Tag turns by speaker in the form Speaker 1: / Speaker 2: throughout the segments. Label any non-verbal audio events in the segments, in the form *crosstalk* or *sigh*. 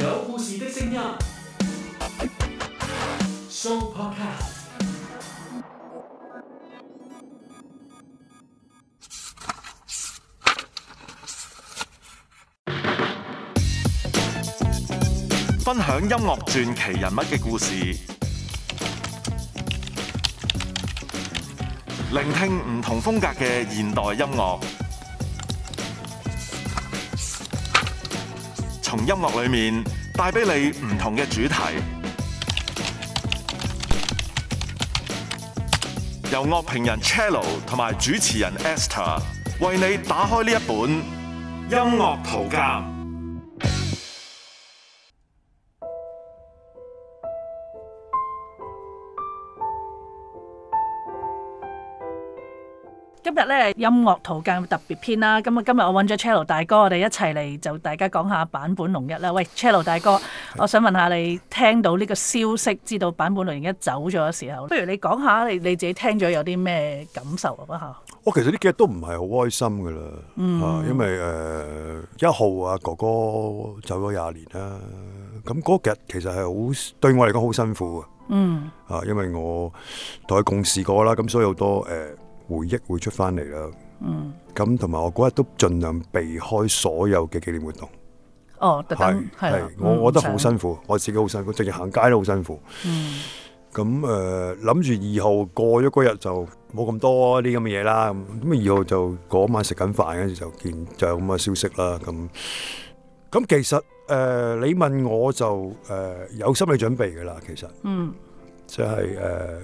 Speaker 1: 有故事的聲音 Sooo
Speaker 2: Podcast，分享音樂傳奇人物嘅故事， *noise* 聆聽唔同風格嘅現代音樂。同音樂裏面帶俾你唔同嘅主題， *music* 由樂評人 Cello 同埋主持人 Esther 為你打開呢一本音樂圖鑑。
Speaker 1: 今日咧音樂途徑特別篇啦，咁啊今日我揾咗 Cello 大哥，我哋一齊嚟就大家講下坂本龍一啦。喂，Cello 大哥，是我想問下你聽到呢個消息，知道坂本龍一走咗嘅時候，不如你講下你你自己聽咗有啲咩感受啊？吓，
Speaker 2: 我其實呢幾日都唔係好開心噶啦、嗯啊，因為誒一、呃、號啊哥哥走咗廿年啦，咁嗰日其實係好對我嚟講好辛苦嘅，嗯啊，因為我同佢共事過啦，咁、啊、所以好多誒。啊回憶會出翻嚟啦，嗯，咁同埋我嗰日都盡量避開所有嘅紀念活動，
Speaker 1: 哦，係係，我我覺得好辛
Speaker 2: 苦，嗯、我自己好辛苦，直情行街都好辛苦，
Speaker 1: 嗯，
Speaker 2: 咁誒諗住二號過咗嗰日就冇咁多啲咁嘅嘢啦，咁二號就嗰晚食緊飯跟住就見就有咁嘅消息啦，咁，咁其實誒、呃、你問我就誒、呃、有心理準備噶啦，其實，
Speaker 1: 嗯。
Speaker 2: 即係誒，佢、即係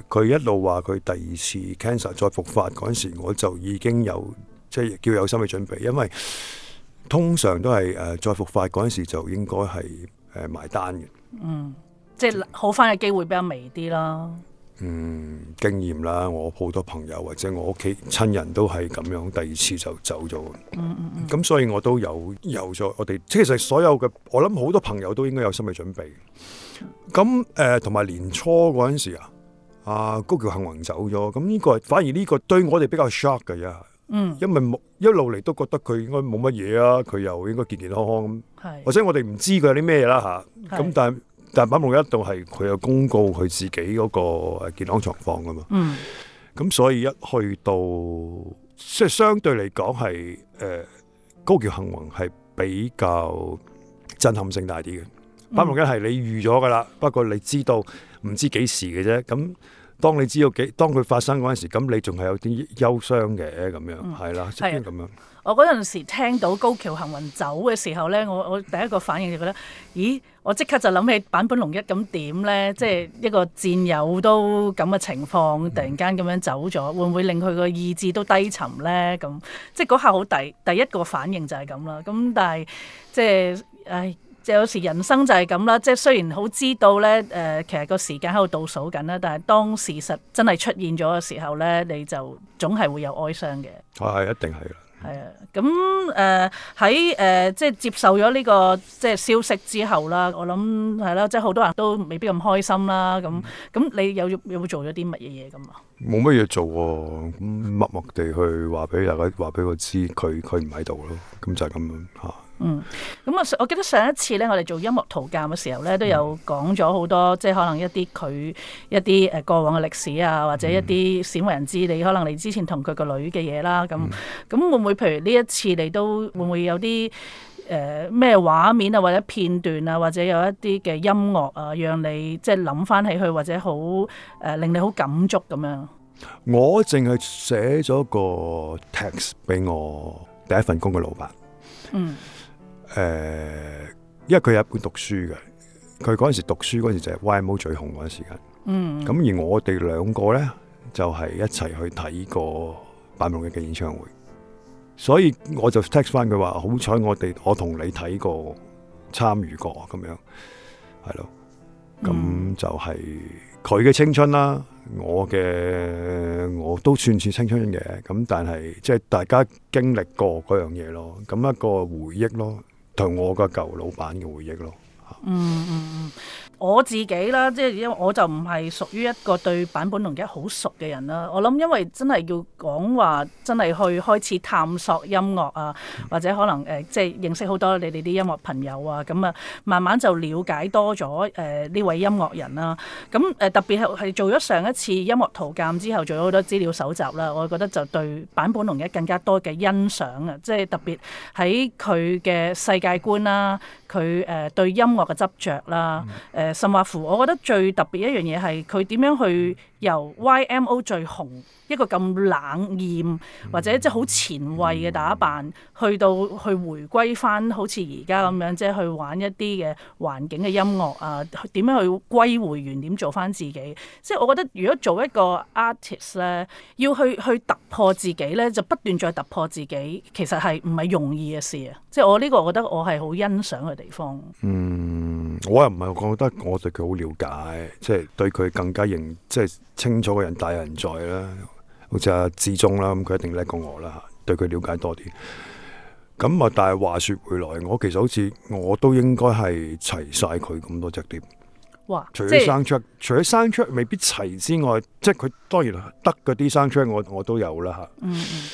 Speaker 2: 呃、一路話佢第二次 cancer 再復發嗰陣時，我就已經有即係、即係、叫有心理準備，因為通常都係誒、呃、再復發嗰陣時就應該係誒埋單嘅。嗯，
Speaker 1: 即係好翻嘅機會比較微啲啦。
Speaker 2: 嗯，經驗啦，我好多朋友或者我屋企親人都係咁樣，第二次就走咗。嗯咁、嗯嗯嗯、所以我都有有咗我哋，即其實所有嘅，我諗好多朋友都應該有心理準備。咁誒，同、呃、埋年初嗰陣時啊，阿高橋幸宏走咗，咁呢個反而呢個對我哋比較 shock 嘅呀。嗯。因為一路嚟都覺得佢應該冇乜嘢啊，佢又應該健健康康咁。是或者我哋唔知佢有啲咩啦吓。咁、啊嗯、是但係。但坂本一度係佢有公告佢自己嗰個健康狀況噶嘛？嗯，咁、嗯、所以一去到即係相對嚟講係誒高橋幸宏係比較震撼性大啲嘅。坂本一係你預咗噶啦，不過你知道唔知幾時嘅啫。咁當你知道幾當佢發生嗰陣時，咁你仲係有啲憂傷嘅咁樣，係啦、嗯，咁樣即係。
Speaker 1: 我嗰陣時聽到高橋幸宏走嘅時候咧，我我第一個反應就覺得，咦！我即刻就諗起坂本龍一咁點咧，即係一個戰友都咁嘅情況，突然間咁樣走咗，會唔會令佢個意志都低沉咧？咁即係嗰刻好第第一個反應就係咁啦。咁但係即係誒，即有時人生就係咁啦。即係雖然好知道咧，誒、呃，其實個時間喺度倒數緊啦，但係當事實真係出現咗嘅時候咧，你就總係會有哀傷
Speaker 2: 嘅。係、啊、一定係。
Speaker 1: 係啊，咁誒喺誒即係接受咗呢個即係消息之後啦，我諗係啦，即係好多人都未必咁開心啦，咁咁你有有冇做咗啲乜嘢嘢咁啊？
Speaker 2: 冇乜嘢做喎，咁默默地去話俾大家話俾我知佢佢唔喺度咯，咁就係咁樣嚇。啊。
Speaker 1: 嗯，咁啊，我記得上一次咧，我哋做音樂圖鑑嘅時候咧，都有講咗好多，嗯、即係可能一啲佢一啲誒過往嘅歷史啊，或者一啲鮮為人知，你、嗯、可能你之前同佢個女嘅嘢啦，咁咁、嗯嗯、會唔會？譬如呢一次你都會唔會有啲誒咩畫面啊，或者片段啊，或者有一啲嘅音樂啊，讓你即係諗翻起去，或者好誒、呃、令你好感觸咁樣？
Speaker 2: 我淨係寫咗個 text 俾我第一份工嘅老闆，嗯。誒、呃，因為佢有一本讀書嘅，佢嗰陣時讀書嗰陣時就係 YMO 最紅嗰陣時間。嗯，咁而我哋兩個咧就係、是、一齊去睇過坂本龍一嘅演唱會，所以我就 text 翻佢話，好彩我哋我同你睇過參與過咁樣，係咯，咁就係佢嘅青春啦，啊，我嘅我都算係青春嘅，咁但係即係大家經歷過嗰樣嘢咯，咁一個回憶咯。同我個舊老闆嘅回憶咯，嗯。嗯。
Speaker 1: 我自己啦，即係因為我就唔係屬於一個對坂本龍一好熟嘅人啦。我諗因為真係要講話真係去開始探索音樂啊，或者可能誒、呃、即係認識好多你哋啲音樂朋友啊。咁啊，慢慢就了解多咗誒呢位音樂人啦。咁誒、呃、特別係係做咗上一次音樂圖鑑之後，做咗好多資料搜集啦。我覺得就對坂本龍一更加多嘅欣賞啊！即係特別喺佢嘅世界觀啦，佢誒、呃、對音樂嘅執着啦，誒、呃。甚或乎，我覺得最特別一樣嘢係佢點樣去，由 YMO 最紅一個咁冷豔或者即係好前衛嘅打扮，去到去回歸翻好似而家咁樣，即係去玩一啲嘅環境嘅音樂啊，點樣去歸回原點，做翻自己。即係我覺得，如果做一個 artist 咧，要去去突破自己咧，就不斷再突破自己，其實係唔係容易嘅事啊！即係我呢個，我覺得我係好欣賞嘅地方。
Speaker 2: 嗯，我又唔係覺得我對佢好了解，即係對佢更加認，即係。清楚嘅人，大有人在啦，好似阿志忠啦，咁佢一定叻過我啦，對佢了解多啲。咁啊，但係話說回來，我其實好似我都應該係齊晒佢咁多隻碟。
Speaker 1: 哇！除咗 soundtrack，
Speaker 2: 除咗 soundtrack 未必齊之外，即係佢當然得嗰啲 soundtrack，我我都有啦吓。嗯嗯，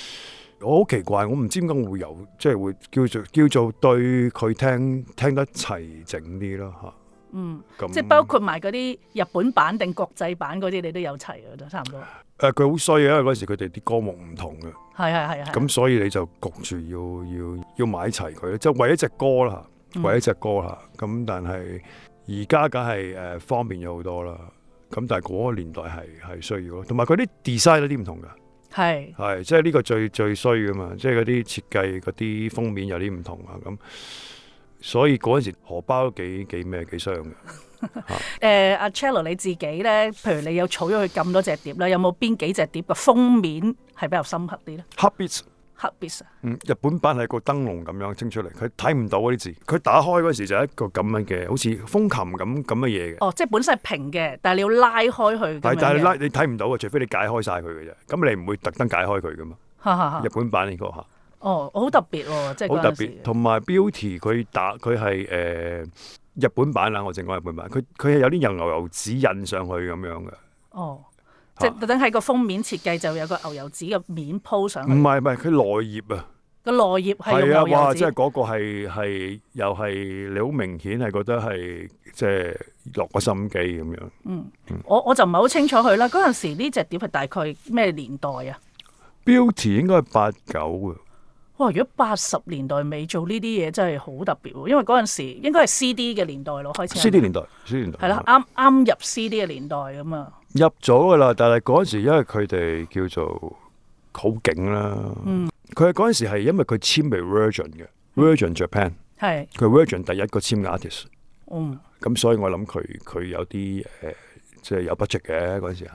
Speaker 2: 我好奇怪，我唔知點解會有，即係會叫做叫做對佢聽聽得齊整啲咯吓。
Speaker 1: 嗯，即係包括埋嗰啲日本版定國際版嗰啲，你都有齊啊？都差唔多。
Speaker 2: 誒、呃，佢好衰啊，因為嗰時佢哋啲歌目唔同嘅，
Speaker 1: 係係係係。咁
Speaker 2: 所以你就焗住要要要買齊佢咧，即、就、係、是、為一隻歌啦，為一隻歌啦。咁、嗯嗯、但係而家梗係誒方便咗好多啦。咁但係嗰個年代係係需要咯，同埋佢啲 design 有啲唔同嘅，係係是即係呢個最最衰嘅嘛，即係嗰啲設計嗰啲封面有啲唔同啊咁。嗯所以嗰陣時荷包都幾幾咩幾傷嘅？
Speaker 1: 誒阿 Cello 你自己咧，譬如你有儲咗佢咁多隻碟啦，有冇邊幾隻碟嘅封面係比較深刻啲咧
Speaker 2: Habits，Habits，嗯，日本版係個燈籠咁樣清出嚟，佢睇唔到嗰啲字。佢打開嗰時就係一個咁樣嘅，好似風琴咁咁嘅嘢嘅。
Speaker 1: 哦，即係本身係平嘅，但係你要拉開佢。 *laughs* 但係但係拉你
Speaker 2: 睇唔到啊，除非你解開晒佢嘅啫。咁你唔會特登解開佢噶嘛？日本版呢個嚇。
Speaker 1: 哦，好特別喎！即係好特別，
Speaker 2: 同埋 Beauty 佢打佢係誒日本版啦。我正講日本版，佢佢係有啲牛油紙印上去咁樣嘅。哦，
Speaker 1: 啊、即係特登喺個封面設計就有個牛油紙嘅面鋪上去。唔
Speaker 2: 係唔係，佢內頁啊，個內頁係啊，哇！即係嗰個係又係，你好明顯係覺得係即係落個心機咁樣。嗯，
Speaker 1: 嗯我我就唔係好清楚佢啦。嗰陣時呢隻碟係大概咩年代啊
Speaker 2: ？Beauty 應該係八九啊。
Speaker 1: 哇！如果八十年代尾做呢啲嘢真係好特別喎，因為嗰陣時應該係 CD 嘅年代咯，開始 CD。CD 年
Speaker 2: 代了 CD 年代。係
Speaker 1: 啦，啱啱入 CD 嘅年代咁啊。
Speaker 2: 入咗噶啦，但係嗰陣時因為佢哋叫做好勁啦。嗯，佢嗰陣時係因為佢簽俾 Virgin 嘅、嗯、Virgin Japan 係佢、嗯、Virgin 第一個簽嘅 artist。嗯。咁所以我諗佢佢有啲誒、呃，即係有 budget 嘅嗰陣時係。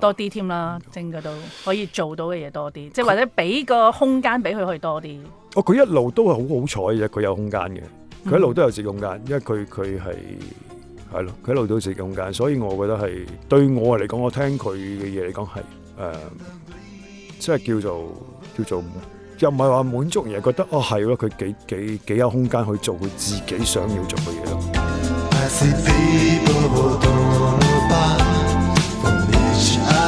Speaker 1: 多啲添啦，正該都可以做到嘅嘢多啲，即係或者俾個空間俾佢去多啲。
Speaker 2: 哦，佢一路都係好好彩嘅，佢有空間嘅，佢一路都有自己空間，嗯、因為佢佢係係咯，佢一路都有自己空間，所以我覺得係對我嚟講，我聽佢嘅嘢嚟講係誒，即係叫做叫做又唔係話滿足，而係覺得哦係咯，佢幾幾幾有空間去做佢自己想要做嘅嘢咯。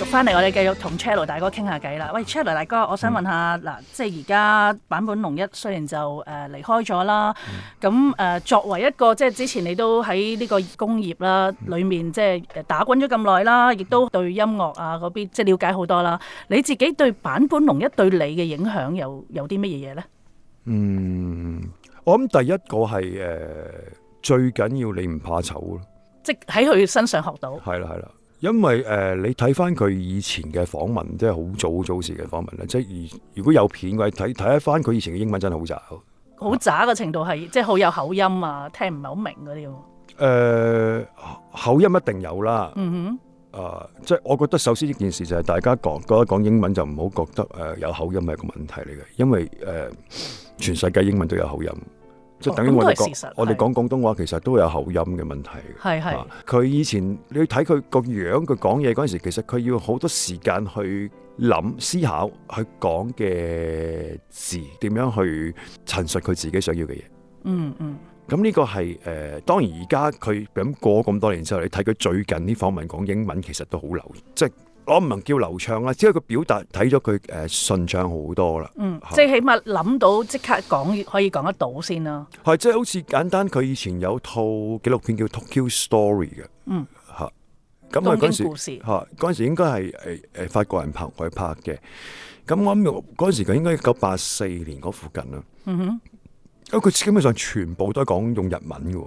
Speaker 1: 續翻嚟，我哋繼續同 Cello 大哥傾下偈啦。喂，Cello 大哥，我想問下嗱，即係而家坂本龍一雖然就誒離開咗啦，咁誒、嗯、作為一個即係之前你都喺呢個工業啦，裡面即係打滾咗咁耐啦，亦都、嗯、對音樂啊嗰邊即係了解好多啦。你自己對坂本龍一對你嘅影響有有啲乜嘢嘢咧？
Speaker 2: 嗯，我諗第一個係誒最緊要你唔怕醜咯，
Speaker 1: 即係喺佢身上學到。
Speaker 2: 係啦，係啦。因為誒、呃，你睇翻佢以前嘅訪問，即係好早好早時嘅訪問咧，即係如果有片嘅睇睇一翻佢以前嘅英文真係好渣，
Speaker 1: 好渣嘅程度係即係好有口音啊，聽唔係好明嗰啲咯。
Speaker 2: 誒、呃，口音一定有啦。嗯
Speaker 1: 哼。
Speaker 2: 誒、呃，即係我覺得首先呢件事就係大家講覺得講英文就唔好覺得誒、呃、有口音係一個問題嚟嘅，因為誒、呃、全世界英文都有口音。即等於我哋講，我哋講廣東話，其實都有口音嘅問題。係係是，佢、啊、以前你睇佢個樣，佢講嘢嗰陣時，其實佢要好多時間去諗、思考去講嘅字點樣去陳述佢自己想要嘅嘢。嗯嗯。咁呢個係誒、呃，當然而家佢咁過咁多年之後，你睇佢最近啲訪問講英文，其實都好流，即我唔能叫流暢啦，只係佢表達睇咗佢誒順暢好多啦。嗯，
Speaker 1: 即係是起碼諗到即刻講可以講得到先啦。
Speaker 2: 係，即係好似簡單。佢以前有套紀錄片叫 Tokyo Story 嘅。嗯。吓，咁啊嗰陣時吓，嗰陣時應該係誒誒法國人拍佢拍嘅。咁我諗，嗰陣時佢應該九八四年嗰附近啦。
Speaker 1: 嗯，
Speaker 2: 佢哼基本上全部都係講用日文嘅。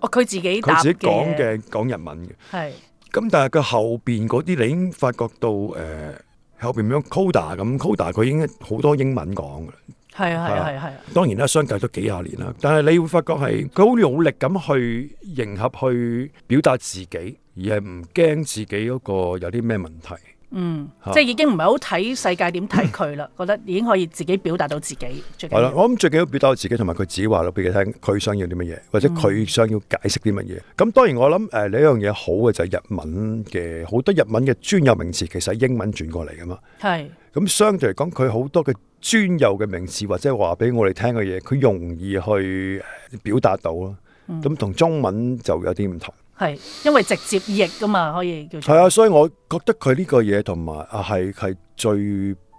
Speaker 1: 哦，佢自己佢自己講嘅
Speaker 2: 講日文嘅係。是咁但係佢後邊嗰啲你已經發覺到誒、呃、後邊咁 coda 咁 coda 佢已經好多英文講嘅，
Speaker 1: 係啊係啊係啊。是是是
Speaker 2: 當然啦，相隔咗幾廿年啦，但係你會發覺係佢好努力咁去迎合去表達自己，而係唔驚自己嗰個有啲咩問題。
Speaker 1: 嗯，即係已經唔係好睇世界點睇佢啦，覺得已經可以自己表達到自己最緊要。係啦，
Speaker 2: 我諗最緊要表達到自己，同埋佢自己話落俾佢聽，佢想要啲乜嘢，或者佢想要解釋啲乜嘢。咁、嗯、當然我諗誒，呢樣嘢好嘅就係日文嘅好多日文嘅專有名詞，其實係英文轉過嚟噶嘛。係是。咁相對嚟講，佢好多嘅專有嘅名詞或者話俾我哋聽嘅嘢，佢容易去表達到咯。咁同、嗯、中文就有啲唔同。
Speaker 1: 係，因為直接譯噶嘛，可以叫做。
Speaker 2: 係啊，所以我覺得佢呢個嘢同埋啊係係最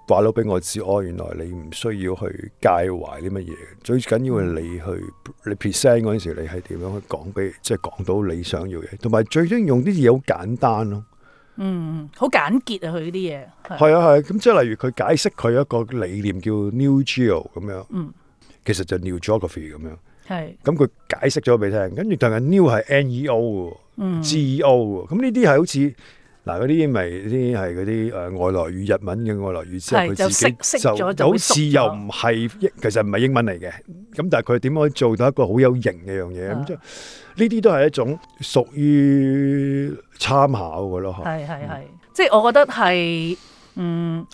Speaker 2: 話到俾我知，哦，原來你唔需要去介懷啲乜嘢，最緊要係你去你 present 嗰陣時，你係點樣去講俾，即係講到你想要嘅嘢，同埋最緊要用啲嘢好簡單咯，嗯，
Speaker 1: 好簡潔啊，佢啲嘢係啊係，
Speaker 2: 咁即係例如佢解釋佢一個理念叫 new geo 咁樣，嗯，其實就 new geography 咁樣。係，咁佢解釋咗俾你聽，跟住但係 New 係 Neo 嘅，GEO 嘅，咁呢啲係好似嗱嗰啲英文係嗰啲誒外來語日文嘅外來語，之後佢自己識咗就好似又唔係英，其實唔係英文嚟嘅，咁但係佢點可以做到一個好有型嘅樣嘢？咁即係呢啲都係一種屬於參考嘅咯，嚇。係
Speaker 1: 係係，即係我覺得係，嗯。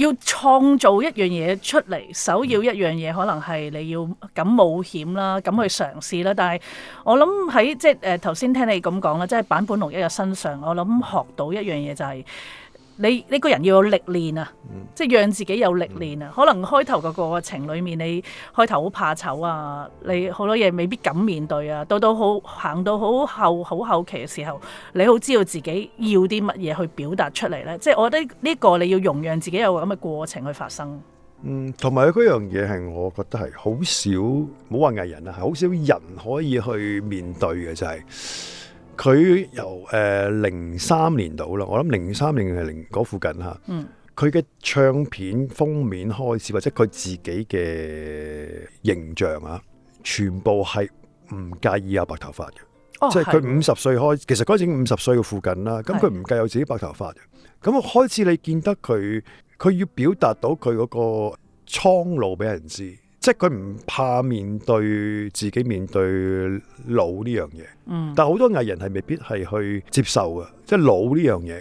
Speaker 1: 要創造一樣嘢出嚟，首要一樣嘢可能係你要敢冒險啦，敢去嘗試啦。但係我諗喺即係誒頭先聽你咁講啦，即係坂本龍一嘅身上，我諗學到一樣嘢就係、是。你呢個人要有歷練啊，嗯、即係讓自己有歷練啊。嗯、可能開頭個過程裡面，你開頭好怕醜啊，你好多嘢未必敢面對啊。到到好行到好後好後期嘅時候，你好知道自己要啲乜嘢去表達出嚟呢。即係我覺得呢個你要容讓自己有咁嘅過程去發生。
Speaker 2: 嗯，同埋嗰樣嘢係我覺得係好少，冇話藝人啊，係好少人可以去面對嘅就係。佢由誒零三年到咯，我諗零三年係零嗰附近嚇，嗯，佢嘅唱片封面開始，或者佢自己嘅形象啊，全部係唔介意有白頭髮嘅。哦、
Speaker 1: 即係佢五
Speaker 2: 十歲開始，的其實嗰陣已經五十歲嘅附近啦。咁佢唔介意有自己白頭髮嘅。咁的開始你見得佢，佢要表達到佢嗰個蒼老俾人知。即係佢唔怕面對自己面對老呢樣嘢，嗯、但係好多藝人係未必係去接受嘅，即係老呢樣嘢。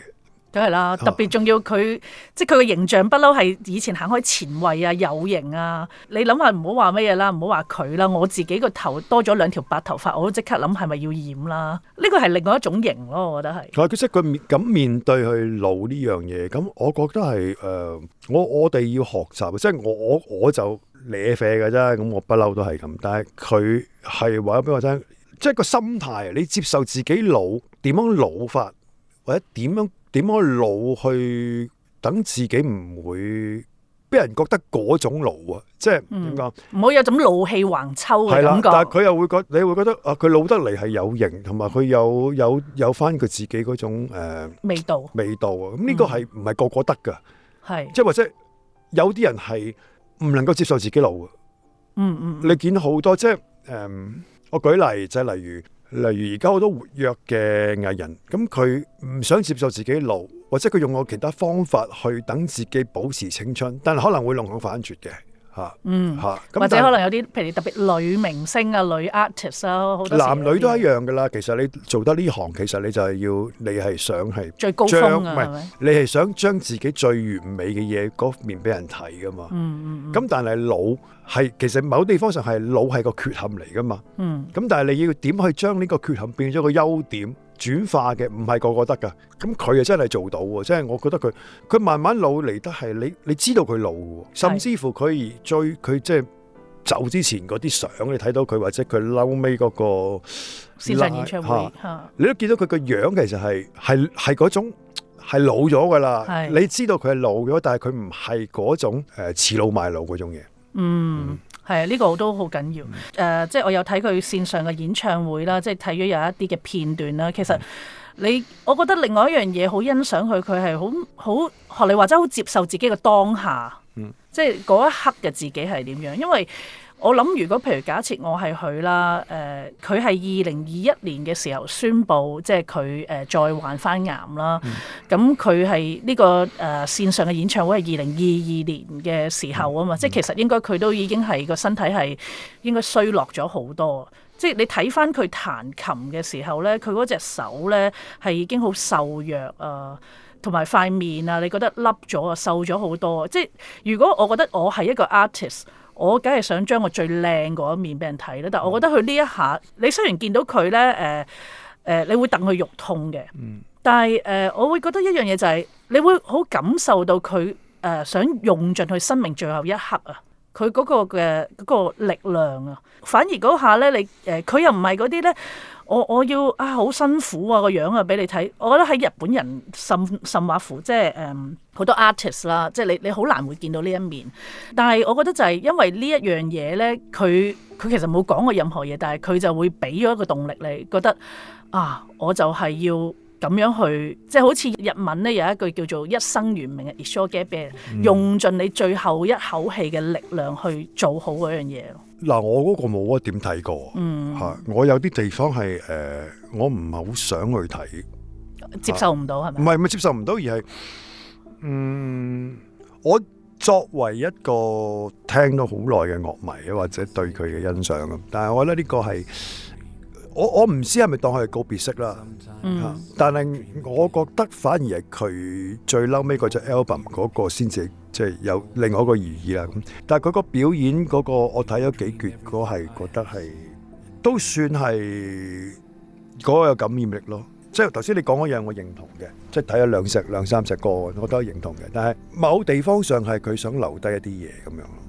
Speaker 1: 咁係啦，特別仲要佢，啊、即係佢個形象不嬲係以前行開前衛啊、有型啊。你諗下，唔好話乜嘢啦，唔好話佢啦。我自己個頭多咗兩條白頭髮，我都即刻諗係咪要染啦？呢個係另外一種型咯，我覺得係。
Speaker 2: 佢即係佢面咁面對去老呢樣嘢，咁我覺得係誒、呃，我我哋要學習，即係我我我就。咧啡嘅啫，咁我不嬲都係咁，但係佢係話俾我聽，即係個心態，你接受自己老，點樣老法，或者點樣點樣老去，等自己唔會俾人覺得嗰種老啊，即係
Speaker 1: 點講，唔好、嗯、有種老氣橫秋嘅感覺。啊、
Speaker 2: 但係佢又會覺得，你會覺得啊，佢老得嚟係有型，同埋佢有有有返佢自己嗰種誒、呃、味道味道啊。咁呢個係唔係個個得噶，係是即係或者有啲人係。唔能夠接受自己老、嗯，嗯嗯，你見好多即係誒、嗯，我舉例就係例如，例如而家好多活躍嘅藝人，咁佢唔想接受自己老，或者佢用我其他方法去等自己保持青春，但係可能會弄巧反拙嘅。
Speaker 1: 吓，嗯吓，但或者可能有啲，譬如特別女明星啊、女 artist 啊，男女
Speaker 2: 都一樣噶啦。其實你做得呢行，其實你就係要你係想係最高峰啊，係咪？你係想將自己最完美嘅嘢嗰面俾人睇噶嘛？嗯嗯。咁、嗯、但係老係，其實某地方上係老係個缺陷嚟噶嘛。嗯。咁但係你要點去將呢個缺陷變咗個優點？轉化嘅唔係個個得噶，咁佢啊真係做到喎，即係我覺得佢佢慢慢老嚟得係你你知道佢老，甚至乎佢最佢即係走之前嗰啲相，你睇到佢或者佢後尾嗰個線上演唱會，啊、你都見到佢個樣，其實係係係嗰種係老咗噶啦，是你知道佢係老咗，但係佢唔係嗰種、呃、似老賣老嗰種嘢，嗯。嗯
Speaker 1: 係啊，呢、這個都好緊要誒、呃，即係我有睇佢線上嘅演唱會啦，即係睇咗有一啲嘅片段啦。其實你我覺得另外一樣嘢好欣賞佢，佢係好好學你話齋，好接受自己嘅當下，嗯、即係嗰一刻嘅自己係點樣，因為。我諗，如果譬如假設我係佢啦，誒、呃，佢係二零二一年嘅時候宣布，即係佢誒再患翻癌啦。咁佢係呢個誒、呃、線上嘅演唱會係二零二二年嘅時候啊嘛，嗯嗯、即係其實應該佢都已經係個身體係應該衰落咗好多。即係你睇翻佢彈琴嘅時候咧，佢嗰隻手咧係已經好瘦弱啊，同埋塊面啊，你覺得凹咗啊，瘦咗好多。即係如果我覺得我係一個 artist。我梗係想將我最靚嗰一面俾人睇啦，但係我覺得佢呢一下，你雖然見到佢咧，誒、呃、誒、呃，你會戥佢肉痛嘅，但係誒、呃，我會覺得一樣嘢就係、是，你會好感受到佢誒、呃、想用盡佢生命最後一刻啊，佢嗰、那個嘅嗰、那個、力量啊，反而嗰下咧，你誒佢、呃、又唔係嗰啲咧。我我要啊，好辛苦啊個樣啊，俾你睇，我覺得喺日本人甚甚或乎，即係誒好多 artist 啦，即係你你好難會見到呢一面。但係我覺得就係因為呢一樣嘢咧，佢佢其實冇講過任何嘢，但係佢就會俾咗一個動力，你覺得啊，我就係要。咁樣去，即係好似日文咧有一句叫做一生圓明一生懸命嘅，用盡你最後一口氣嘅力量去做好嗰樣嘢咯。
Speaker 2: 嗱，我嗰個冇啊，點睇過？
Speaker 1: 嗯，嚇，
Speaker 2: 我有啲地方係誒，我唔係好想去睇，
Speaker 1: 接受唔到係咪？
Speaker 2: 唔係唔係接受唔到，而係嗯，我作為一個聽咗好耐嘅樂迷，或者對佢嘅欣賞啊，但係我覺得呢個係。我我唔知係咪當佢係告別式啦，嗯，但係我覺得反而係佢最嬲尾嗰隻 album 嗰個先至即係有另外一個意義啦。咁，但係佢個表演嗰個我睇咗幾段，嗰係覺得係都算係嗰個有感染力咯。即係頭先你講嗰樣我認同嘅，即係睇咗兩隻兩三隻歌，我都認同嘅。但係某地方上係佢想留低一啲嘢咁樣。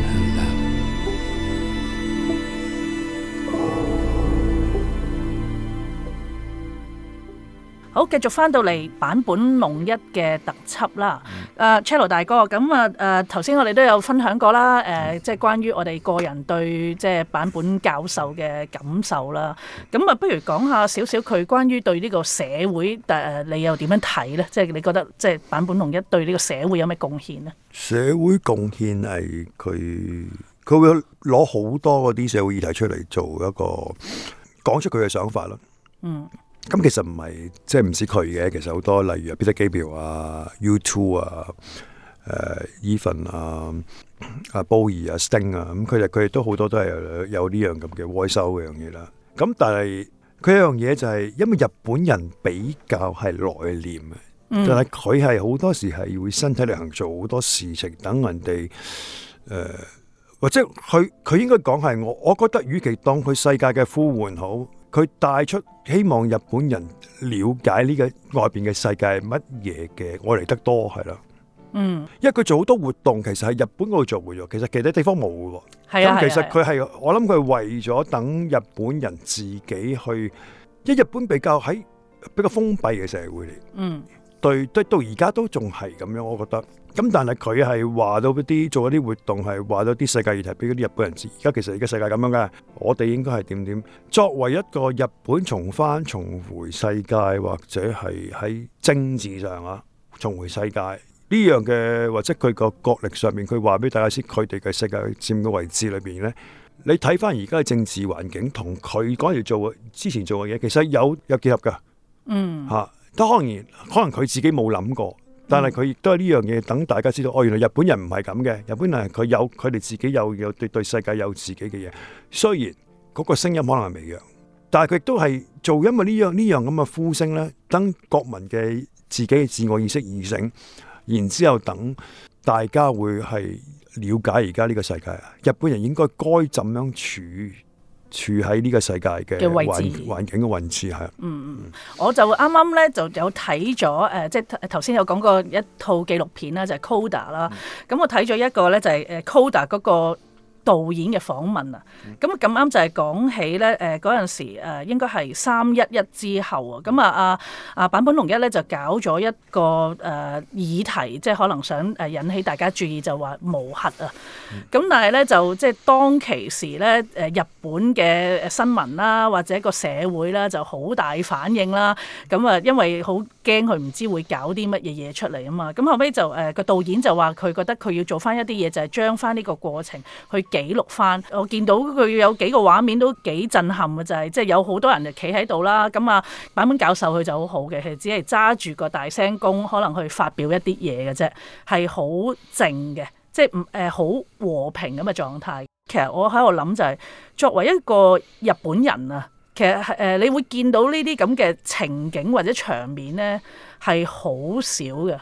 Speaker 1: 好，繼續返到嚟坂本龍一嘅特輯啦。誒 Cello 大哥，咁啊誒，頭先我哋都有分享過啦。誒、嗯呃，即係關於我哋個人對即係坂本教授嘅感受啦。咁啊，不如講下少少佢關於對呢個社會誒，你又點樣睇咧？即係你覺得即係坂本龍一對呢個社會有咩貢獻呢？
Speaker 2: 社會貢獻係佢佢會攞好多嗰啲社會議題出嚟做一個講出佢嘅想法咯。嗯。咁其實唔係，即係唔止佢嘅。其實好多例如 Peter 啊，Peter Gabriel 啊，U2 啊，誒、呃、Even 啊，啊，Bowie 啊，Sting 啊，咁佢哋，佢哋都好多都係有呢樣咁嘅歪收嘅樣嘢啦。咁但係佢一樣嘢就係、是，因為日本人比較係內斂嘅，嗯、但係佢係好多時係會身體力行做好多事情，等人哋誒、呃，或者佢佢應該講係我，我覺得與其當佢世界嘅呼喚好。佢帶出希望日本人了解呢個外邊嘅世界係乜嘢嘅，愛嚟得多係啦。嗯，因為佢做好多活動，其實喺日本嗰度做嘅喎。其實其他地方冇嘅喎。啊的，咁、嗯、其實佢係的我諗佢係為咗等日本人自己去，因為日本比較喺比較封閉嘅社會嚟。嗯。對，對，到而家都仲係咁樣，我覺得。咁但係佢係話到啲做一啲活動，係話到啲世界議題俾啲日本人知。而家其實而家世界咁樣嘅，我哋應該係點點？作為一個日本重返重回世界，或者係喺政治上啊，重回世界呢樣嘅，或者佢個國力上面，佢話俾大家知佢哋嘅世界佔嘅位置裏邊呢，你睇返而家嘅政治環境同佢嗰時做之前做嘅嘢，其實有有結合嘅。嗯，嚇、啊。當然，可能佢自己冇諗過，但係佢亦都係呢樣嘢等大家知道，哦，原來日本人唔係咁嘅，日本人佢有佢哋自己有有對對世界有自己嘅嘢。雖然嗰個聲音可能係微弱，但係佢亦都係做，因為樣樣呢樣呢樣咁嘅呼聲咧，等國民嘅自己嘅自我意識而醒，然之後等大家會係了解而家呢個世界啊，日本人應該該怎樣處處喺呢個世界嘅環境環境嘅位置係。嗯
Speaker 1: 嗯，我就啱啱咧就有睇咗誒，即係頭先有講過一套紀錄片啦，就係 Coda 啦。咁、嗯、我睇咗一個咧就係誒 Coda 嗰個。導演嘅訪問啊，咁咁啱就係講起咧，誒嗰陣時誒應該係三一一之後啊，咁啊啊啊坂本龍一咧就搞咗一個誒、啊、議題，即係可能想誒引起大家注意就話無核啊，咁、嗯、但係咧就即係當其時咧誒日本嘅新聞啦或者個社會啦，就好大反應啦，咁啊因為好驚佢唔知會搞啲乜嘢嘢出嚟啊嘛，咁後尾就誒個導演就話佢覺得佢要做翻一啲嘢就係將翻呢個過程去。記錄翻，我見到佢有幾個畫面都幾震撼嘅就係，即係有好多人就企喺度啦。咁啊，坂本教授佢就好好嘅，係只係揸住個大聲公，可能去發表一啲嘢嘅啫，係好靜嘅，即係唔誒好和平咁嘅狀態。其實我喺度諗就係、是，作為一個日本人啊，其實誒，你會見到呢啲咁嘅情景或者場面咧，係好少嘅。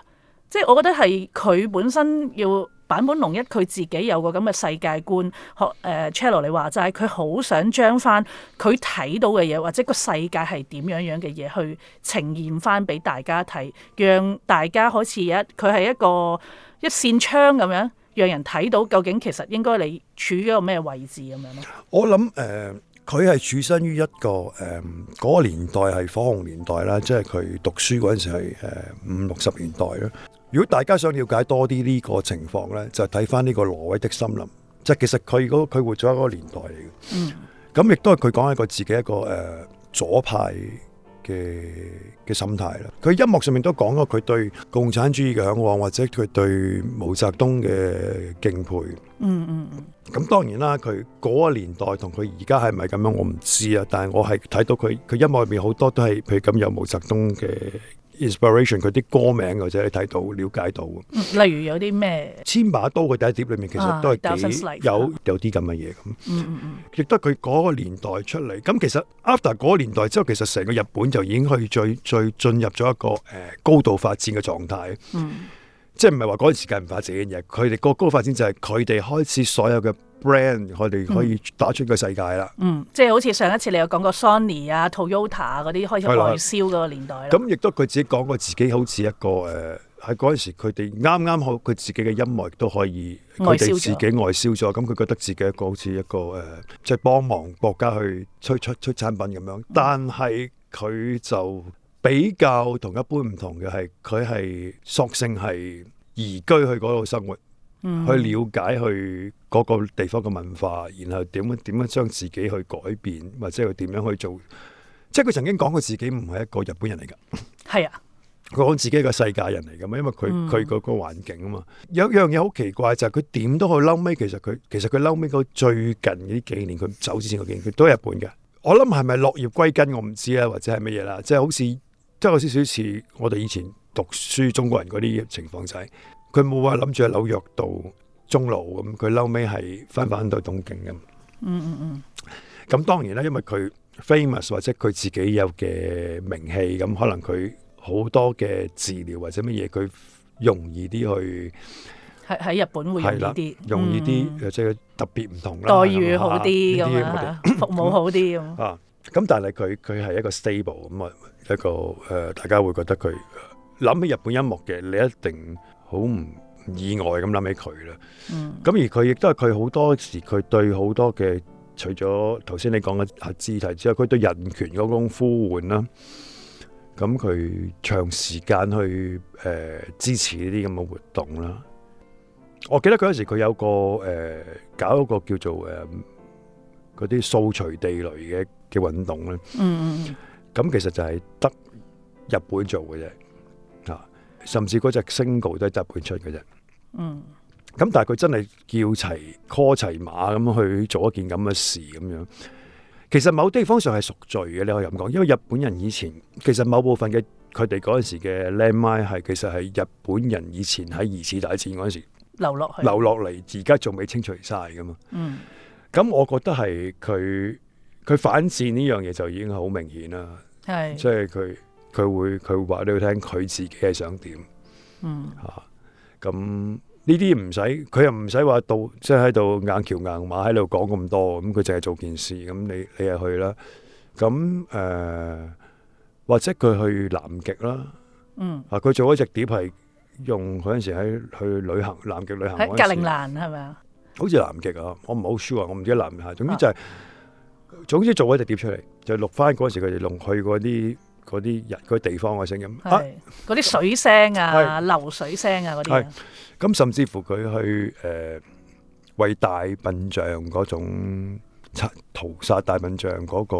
Speaker 1: 即係我覺得係佢本身要。坂本龍一佢自己有個咁嘅世界觀，學誒、呃、Cello 你話齋，佢好想將翻佢睇到嘅嘢，或者個世界係點樣樣嘅嘢，去呈現翻俾大家睇，讓大家好似一佢係一個一扇窗咁樣，讓人睇到究竟其實應該你處於一個咩位置咁樣咧？
Speaker 2: 我諗誒，佢係處身於一個誒嗰、呃個，呃嗰個年代係火紅年代啦，即係佢讀書嗰陣時係五六十年代咯。如果大家想了解多啲呢個情況呢，就睇翻呢個挪威的森林，即係其實佢嗰佢活咗一個年代嚟嘅。咁亦、嗯、都係佢講一個自己一個誒、呃、左派嘅嘅心態啦。佢音樂上面都講咗佢對共產主義嘅嚮往，或者佢對毛澤東嘅敬佩。嗯
Speaker 1: 嗯，
Speaker 2: 咁當然啦，佢嗰個年代同佢而家係咪咁樣我唔知啊，但係我係睇到佢佢音樂入面好多都係譬如咁有毛澤東嘅。Inspiration 佢啲歌名或者你睇到了解到，
Speaker 1: 例如有啲咩
Speaker 2: 千把刀嘅第一碟裏面其實都係幾有、啊、有啲咁嘅嘢咁，亦都佢嗰個年代出嚟。咁其實 after 嗰個年代之後，其實成個日本就已經去最最進入咗一個誒、呃、高度發展嘅狀態。嗯，即係唔係話嗰陣時間唔發展嘅嘢，佢哋個高度發展就係佢哋開始所有嘅。brand，我哋可以打穿個世界啦。嗯，
Speaker 1: 即係好似上一次你有講過 Sony 啊、Toyota 啊嗰啲開始外銷嗰個年代。咁
Speaker 2: 亦都佢自己講過自己好似一個誒，喺嗰陣時佢哋啱啱好佢自己嘅音樂都可以，佢哋自己外銷咗。咁佢覺得自己一個好似一個誒，即係幫忙國家去推出出，出產品咁樣，但係佢就比較同一般唔同嘅係，佢係索性係移居去嗰度生活。嗯、去了解去各個地方嘅文化，然後點樣點樣將自己去改變，或者佢點樣去做。即係佢曾經講佢自己唔係一個日本人嚟噶，係啊，佢講自己係一個世界人嚟噶嘛，因為佢佢嗰個環境啊嘛。嗯、有一樣嘢好奇怪就係佢點都去嬲尾，其實佢其實佢嬲尾嗰最近呢幾年佢走之前嘅幾年，佢都係日本嘅。我諗係咪落葉歸根我唔知啊，或者係乜嘢啦，即係好似即係有少少似我哋以前讀書中國人嗰啲情況就係。佢冇話諗住喺紐約度終老咁，佢嬲尾係翻返到東京咁，嗯。嗯嗯
Speaker 1: 嗯。
Speaker 2: 咁、嗯、當然啦，因為佢 famous 或者佢自己有嘅名氣，咁可能佢好多嘅治療或者乜嘢，佢容易啲去喺喺日本會容易啲，容易啲，嗯、或者特別唔同啦，待遇好啲咁，啊，服務好啲咁。啊，咁但係佢佢係一個 stable 咁啊，一個誒、呃，大家會覺得佢諗起日本音樂嘅，你一定。好唔意外咁諗起佢啦，咁、嗯、而佢亦都係佢好多時佢對好多嘅，除咗頭先你講嘅核字題之外，佢對人權嗰種呼喚啦，咁佢長時間去誒、呃、支持呢啲咁嘅活動啦。我記得嗰陣時佢有個誒、呃、搞一個叫做誒嗰啲掃除地雷嘅嘅運動咧，咁、嗯、其實就係得日本做嘅啫。甚至嗰隻 single 都係日本出嘅啫，嗯，咁但係佢真係叫齊 call 齊馬咁去做一件咁嘅事咁樣，其實某地方上係贖罪嘅，你可以咁講，因為日本人以前其實某部分嘅佢哋嗰陣時嘅 landmine 係其實係日本人以前喺二次大戰嗰陣時留落嚟，流落嚟而家仲未清除晒噶嘛，嗯，咁我覺得係佢佢反戰呢樣嘢就已經好明顯啦，係是，即係佢。佢會佢會話俾佢聽，佢自己係想點，嗯吓咁呢啲唔使，佢又唔使話到，即係喺度硬橋硬馬喺度講咁多，咁佢淨係做件事，咁你你又去啦，咁誒或者佢去南極啦，嗯啊佢做咗隻碟係用嗰陣時喺去旅行南極旅行，喺格陵
Speaker 1: 蘭係咪
Speaker 2: 啊？好似南極啊，我唔好 sure 啊，我唔知南極係，總之就係總之做咗隻碟出嚟，就錄翻嗰陣時佢哋用去嗰啲。嗰啲人、嗰啲地方嘅聲音，
Speaker 1: 啊，嗰啲水聲啊、流水聲啊嗰啲，
Speaker 2: 咁甚至乎佢去誒為大笨象嗰種殺屠殺大笨象嗰個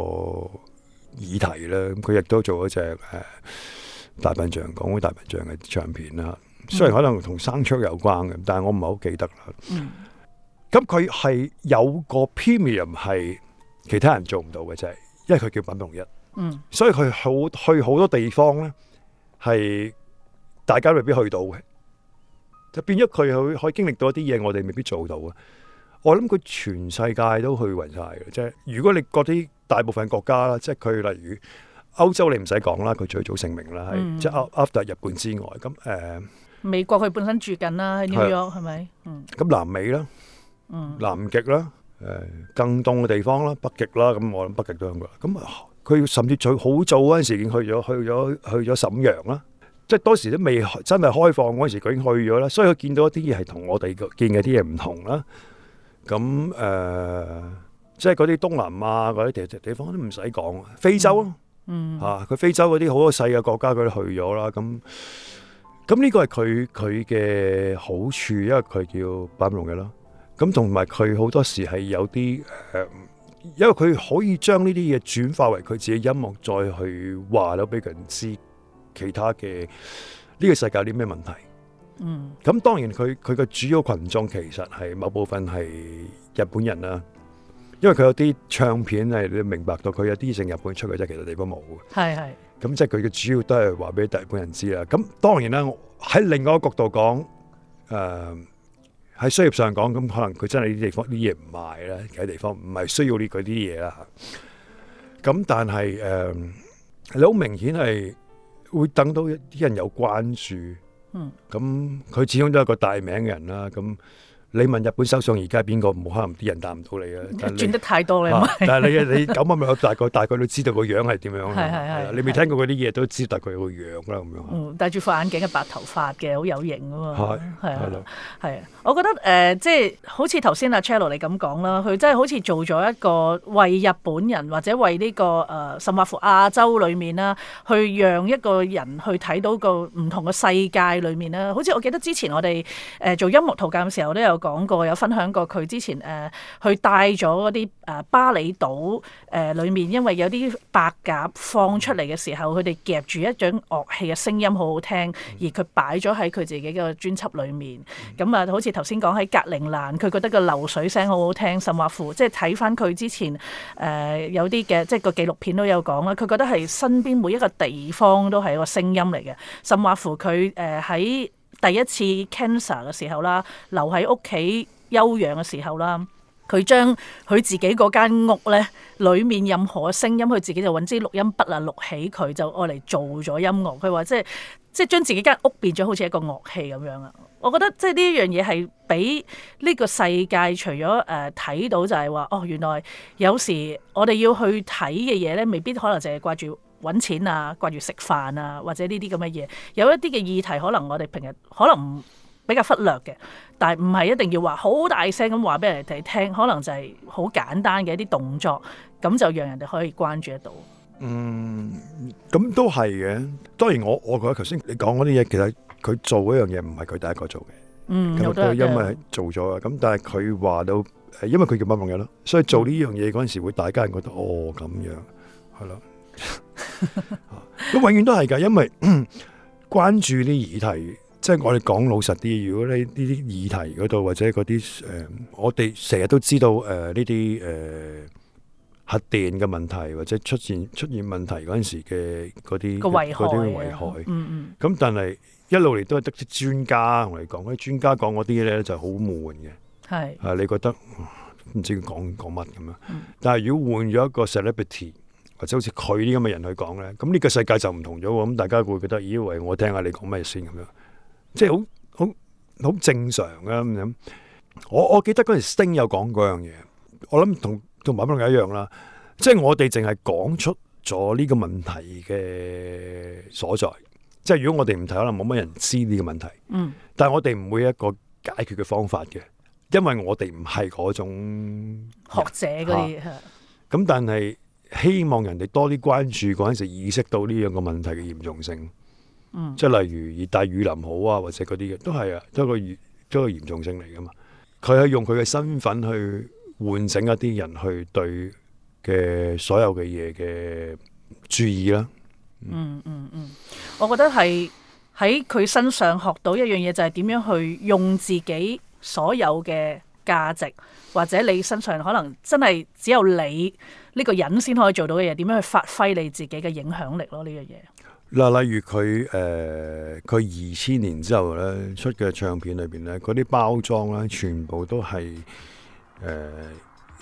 Speaker 2: 議題咧，咁佢亦都做一隻誒大笨象，講嗰大笨象嘅唱片啦。雖然可能同生出有關嘅，但係我唔係好記得啦。嗯，咁佢係有個 premium 係其他人做唔到嘅，就係因為佢叫坂本龍一。嗯，所以佢好去好多地方咧，係大家未必去到嘅，就變咗佢去可以經歷到一啲嘢，我哋未必做到啊！我諗佢全世界都去匀晒嘅，即係如果你嗰啲大部分國家啦，即係佢例如歐洲，你唔使講啦，佢最早成名啦，即係 after 日本之外，咁誒，
Speaker 1: 美國佢本身住緊啦，喺紐約係咪？嗯，
Speaker 2: 咁南美啦，嗯，南極啦，誒，更凍嘅地方啦，北極啦，咁我諗北極都係佢，咁啊。佢甚至最好早嗰陣時，時，時已經去咗去咗去咗瀋陽啦，即係當時都未真係開放嗰陣時，佢已經去咗啦，所以佢見到一啲嘢係同我哋見嘅啲嘢唔同啦。咁誒、呃，即係嗰啲東南亞嗰啲地地方都唔使講，非洲咯，嚇佢、嗯啊、非洲嗰啲好多細嘅國家佢都去咗啦。咁咁呢個係佢佢嘅好處，因為佢叫坂龍嘅啦。咁同埋佢好多時係有啲誒。呃因為佢可以將呢啲嘢轉化為佢自己音樂，再去話咯俾人知其他嘅呢個世界有啲咩問題。嗯，咁當然佢佢嘅主要群眾其實係某部分係日本人啦，因為佢有啲唱片係你明白到，佢有啲淨日本出嘅即係，其他地方冇嘅。係係，咁即係佢嘅主要都係話俾日本人知啦。咁當然啦，喺另外一個角度講，嗯、呃。喺商業上講，咁可能佢真係呢啲地方啲嘢唔賣啦，其他地方唔係需要呢嗰啲嘢啦。咁但係誒，你、呃、好明顯係會等到一啲人有關注。嗯，咁佢始終都係個大名嘅人啦。咁。你問日本首相而家係邊個？冇可能啲人答唔到你啊！你轉得
Speaker 1: 太多啦，啊、但係你你九
Speaker 2: 蚊六大概 *laughs* 大概都知道個樣係點樣。你未聽過嗰啲嘢，都知大概個樣啦咁樣。
Speaker 1: 戴住副眼鏡嘅白頭髮嘅，好有型啊嘛。係係啊，我覺得誒、呃，即係好似頭先阿 Cello 你咁講啦，佢真係好似做咗一個為日本人或者為呢、呢個誒、呃、甚或亞洲裏面啦，去讓一個人去睇到個唔同嘅世界裏面啦。好似我記得之前我哋誒做音樂圖鑑嘅時候都有，講過有分享過佢之前誒去，呃，帶咗嗰啲誒巴厘島誒裏，呃，面，因為有啲白鴿放出嚟嘅時候，佢哋夾住一種樂器嘅聲音，好好聽，而佢擺咗喺佢自己嘅專輯裏面。咁，嗯、啊、嗯呃，好似頭先講喺格陵蘭，佢覺得個流水聲好好聽。甚或乎即係睇返佢之前誒，呃，有啲嘅，即係個紀錄片都有講啦。佢覺得係身邊每一個地方都係一個聲音嚟嘅。甚或乎佢誒喺，呃第一次 cancer 嘅時候啦，留喺屋企休養嘅時候啦，佢將佢自己嗰間屋咧，裡面任何聲音，佢自己就揾支錄音筆啊錄起佢，就愛嚟做咗音樂。佢話即係即係將自己間屋變咗好似一個樂器咁樣啊！我覺得即係呢一樣嘢係俾呢個世界除咗誒睇到就係話，哦原來有時我哋要去睇嘅嘢咧，未必可能淨係掛住。搵錢啊，掛住食飯啊，或者呢啲咁嘅嘢，有一啲嘅議題可能我哋平日可能比較忽略嘅，但係唔係一定要話好大聲咁話俾人哋聽，可能就係好簡單嘅一啲動作，咁就讓人哋可以關注得到。嗯，
Speaker 2: 咁都係嘅。當然我，我我覺得頭先你講嗰啲嘢，其實佢做嗰樣嘢唔係佢第一個做嘅。
Speaker 1: 嗯，都因為
Speaker 2: 做咗啊。咁但係佢話到，因為佢叫乜乜嘢咯，所以做呢樣嘢嗰陣時，會大家人覺得哦咁樣係咯。 *laughs* *laughs* 啊、永遠都永遠都係㗎，因為關注啲議題，即、就、係、是、我哋講老實啲。如果你呢啲議題嗰度，或者嗰啲誒，我哋成日都知道誒，呢啲誒核電嘅問題，或者出現出現問題嗰陣時嘅嗰啲啲危害，咁、嗯嗯、但係一路嚟都係得啲專家同你講，啲專家講嗰啲咧就好悶嘅，係是啊你覺得唔、呃、知佢講講乜咁樣？但係如果換咗一個 celebrity。或者好似佢啲咁嘅人去講咧，咁呢個世界就唔同咗。咁大家會覺得，咦？喂，我聽下你講咩先咁樣，即係好好好正常啊咁樣。我我記得嗰時丁有講過樣嘢，我諗同同馬文一樣啦。即係我哋淨係講出咗呢個問題嘅所在。即係如果我哋唔睇，可能冇乜人知呢個問題。嗯。但係我哋唔會一個解決嘅方法嘅，因為我哋唔係嗰種
Speaker 1: 學者嗰啲。
Speaker 2: 咁，但係。希望人哋多啲關注嗰陣時，意識到呢樣個問題嘅嚴重性。即係、嗯、例如熱帶雨林好啊，或者嗰啲嘢都係啊，都係都係個嚴重性嚟㗎嘛。佢係用佢嘅身份去喚醒一啲人去對嘅所有嘅嘢嘅注意啦。嗯嗯嗯，嗯，
Speaker 1: 我覺得係喺佢身上學到一樣嘢，就係點樣去用自己所有嘅價值，或者你身上可能真係只有你。呢個人先可以做到嘅嘢，點樣去發揮你自己嘅影響力咯。呢樣嘢
Speaker 2: 嗱，例如佢誒，佢二千年之後咧出嘅唱片裏邊咧，嗰啲包裝咧，全部都係誒、呃、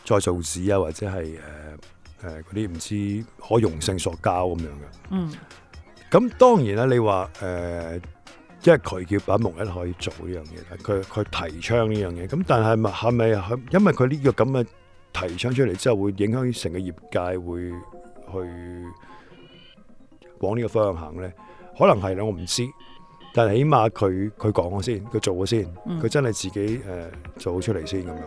Speaker 2: 再造紙啊，或者係誒誒嗰啲唔知可溶性塑膠咁樣嘅。嗯。咁當然啦，你話誒，即係佢叫坂本龍一可以做呢樣嘢，佢佢提倡呢樣嘢。咁但係咪係咪因為佢呢個咁嘅？提倡出嚟之後會影響成個業界會去往呢個方向行咧，可能係啦，我唔知，但係起碼佢佢講咗先，佢做咗先，佢、嗯、真係自己誒、呃、做好出嚟先咁樣。